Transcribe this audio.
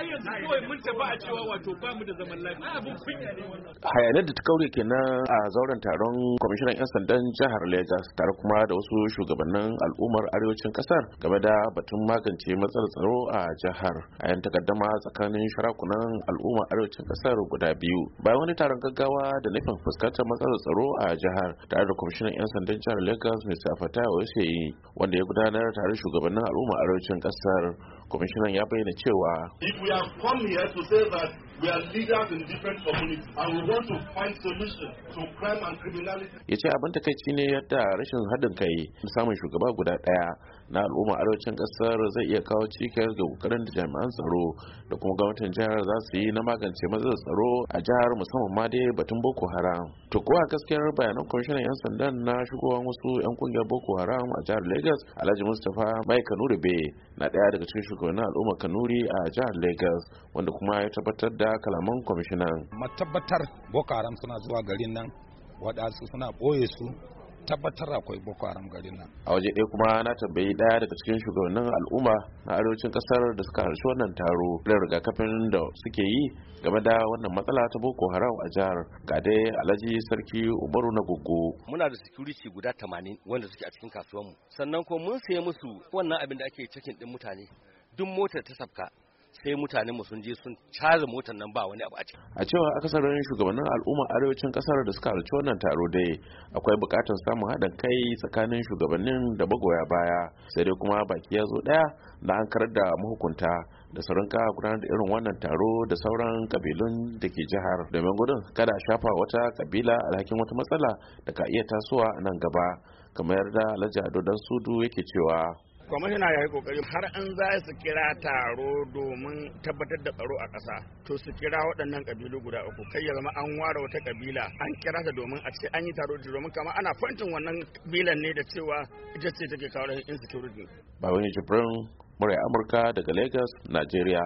ai yanzu kawai mun a wato ba mu da zaman lafiya abin kunya ne hayanar da ta kaure kenan a zauren taron kwamishinan yan sandan jihar Legas tare kuma da wasu shugabannin al'ummar arewacin kasar game da batun magance matsalar tsaro a jihar a yan takaddama tsakanin shirakunan al'ummar arewacin kasar guda biyu bayan wani taron gaggawa da nufin fuskantar matsalar tsaro a jihar tare da kwamishinan yan sandan jihar Legas Mr. Fatawa yi, wanda ya gudanar tare shugabannin al'ummar arewacin kasar kwamishinan ya bayyana cewa we have come here to say that We are leaders in different communities and we want to find solutions to crime and criminality. Ya ce abin takaici ne yadda rashin haɗin kai da samun shugaba guda ɗaya na al'umma arewacin ƙasar zai iya kawo cikas ga ƙoƙarin da jami'an tsaro da kuma gwamnatin jihar za su yi na magance matsalar tsaro a jihar musamman ma dai batun Boko Haram. To kuwa gaskiyar bayanan kwamishinan 'yan sandan na shigowa wasu 'yan kungiyar Boko Haram a jihar Lagos Alhaji Mustapha Mai Kanuri Bay na ɗaya daga cikin shugabannin al'ummar Kanuri a jihar Lagos wanda kuma ya tabbatar da da kalaman kwamishinan matabbatar boko haram suna zuwa garin nan waɗansu suna ɓoye su tabbatar akwai boko haram garin nan a waje ɗaya kuma na tambayi ɗaya daga cikin shugabannin al'umma na arewacin ƙasar da suka halarci wannan taro da rigakafin da suke yi game da wannan matsala ta boko haram a jihar ga dai alhaji sarki umaru na gogo muna da security guda tamanin wanda suke a cikin kasuwanmu sannan kuma mun saye musu wannan abin da ake cikin ɗin mutane duk motar ta sabka sai mutane mu sun je sun caza motar nan ba wani abu a ciki a cewa akasarin shugabannin al'umma arewacin kasar da suka halarci wannan taro dai akwai bukatar samun haɗin kai tsakanin shugabannin da magoya baya sai dai kuma baki ya zo ɗaya na an da mahukunta da su gudanar da irin wannan taro da sauran kabilun da ke jihar domin gudun kada a shafa wata kabila alhakin wata matsala da ka iya tasowa nan gaba kamar da alhaji ado dan sudu yake cewa kwamishina ya yi kokari har an za su kira taro domin tabbatar da tsaro a ƙasa to su kira waɗannan ƙabilu guda uku kai ya zama an ware wata ƙabila an kira ta domin a ce an yi taro da domin kama ana fantin wannan ƙabilan ne da cewa ita ce take kawo insecurity. ne Jibrin, Murai Amurka daga Lagos, Najeriya.